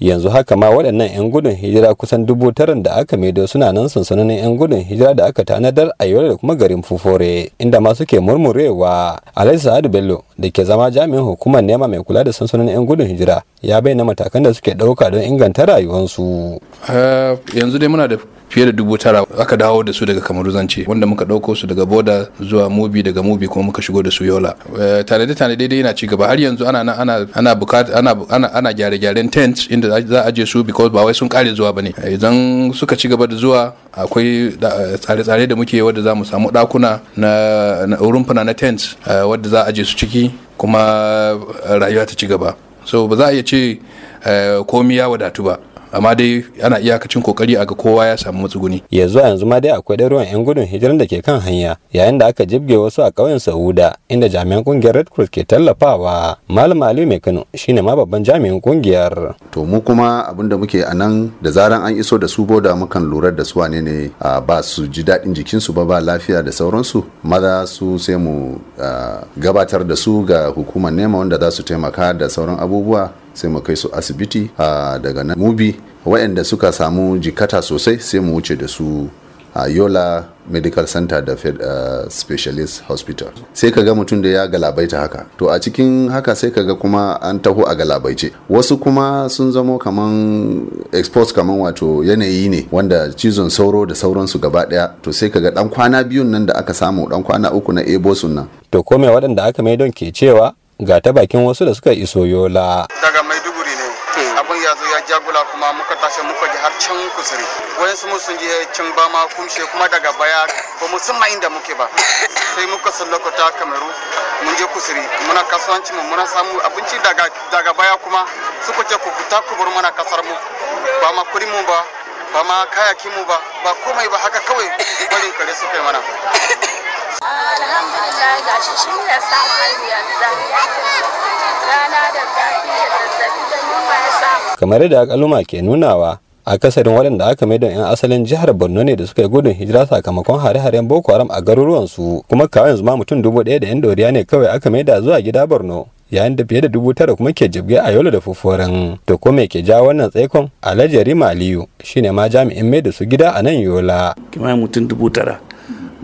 yanzu haka ma waɗannan 'yan gudun hijira kusan dubu taran da aka maido suna nan sansanonin 'yan gudun hijira da aka tanadar a yau da kuma garin fufore inda ma suke murmurewa alhaji sa'adu bello da ke zama jami'in hukumar nema mai kula da sansanonin 'yan gudun hijira ya bayyana matakan da suke ɗauka don inganta rayuwarsu eh, yanzu dai muna da fiye da dubu tara aka dawo da su daga kamaru zance wanda muka ɗauko su daga boda zuwa mubi daga mubi kuma muka shigo da su yola eh, tanade tanade dai yana ci gaba har yanzu ana ana ana ana gyare gyaren tent inda za a je su because ba wai sun kare zuwa bane eh, idan suka ci gaba da zuwa akwai tsare tsare da muke wadda za mu samu dakuna na rumfuna na tent eh, wadda za a je su ciki kuma rayuwa ta ci gaba so ba za a iya ce komi ya wadatu ba amma dai ana iyakacin kokari a ga kowa ya samu matsuguni yanzu a yanzu ma dai akwai ɗaruwan 'yan gudun hijiran da ke kan hanya yayin da aka jibge wasu a ƙauyen sauda inda jami'an kungiyar red cross ke tallafawa malam ali mai kano shine ma babban jami'in kungiyar to mu kuma abin da muke a nan da zaran an iso da su boda mukan lura da su wane ne ba su ji daɗin jikinsu ba ba lafiya da sauransu maza su sai mu gabatar da su ga hukumar nema wanda za su taimaka da sauran abubuwa sai mu kai su asibiti a daga nan mubi waɗanda suka samu jikata sosai sai mu wuce da su a yola medical center da fed, uh, specialist hospital sai kaga mutum da ya galabaita haka to a cikin haka sai kaga kuma an taho a galabaice wasu kuma sun zamo kaman expose kaman wato yanayi ne wanda cizon sauro da sauransu gaba daya to sai kaga dan kwana biyun nan da aka samu dan kwana uku na sun nan to kome waɗanda aka maidon ke cewa ga ta bakin wasu da suka iso yola daga abin ya zo ya jagula kuma muka tashi muka ji har can kusuri wayan su sun je cin ba ma kumshe kuma daga baya ba mu san ma inda muke ba sai muka san lokata kamaru mun je kusuri muna kasuwanci mu muna samu abinci daga daga baya kuma suka ce ku fita ku bar mana kasar mu ba ma kuri mu ba ba ma kayakin mu ba ba komai ba haka kawai barin kare su kai mana alhamdulillah gashi shi ne samu yanzu rana da zafi da zazzabi da kamar yadda al'umma ke nunawa a akasarin waɗanda aka mai don 'yan asalin jihar borno ne da suka yi gudun hijira sakamakon hare-haren boko haram a garuruwansu kuma kawai yanzu ma mutum dubu ɗaya da 'yan doriya ne kawai aka mai da zuwa gida borno yayin da fiye da dubu tara kuma ke jibge a yola da fufuran to ko me ke jawo wannan tsaikon alhaji rima aliyu shine ma jami'in mai da su gida a nan yola kimanin mutum dubu tara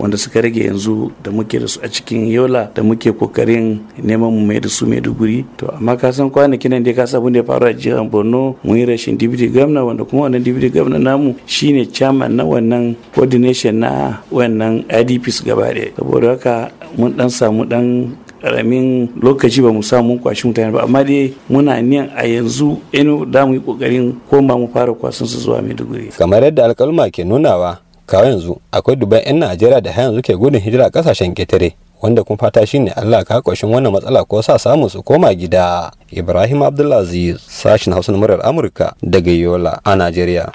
wanda suka rage yanzu da muke da su a cikin yola da muke kokarin neman mu mai da su mai duguri to amma ka san kwanakin nan dai ka sa da ya faru a jihar borno mun yi rashin dibidi gwamna wanda kuma wannan dibidi gamna namu shine chairman na wannan coordination na wannan idps gaba ɗaya saboda haka mun dan samu dan karamin lokaci ba mu samu kwashi mutane ba amma dai muna niyan a yanzu inu da mu yi kokarin koma mu fara kwasan su zuwa maiduguri kamar yadda alkalma ke nunawa kawai yanzu akwai dubban 'yan najeriya da yanzu ke gudun hijira kasashen ketare wanda kuma fata shi ne allah ka kwashin wannan matsala ko sa samun su koma gida ibrahim abdulaziz sashin hausa na murar amurka daga yola a najeriya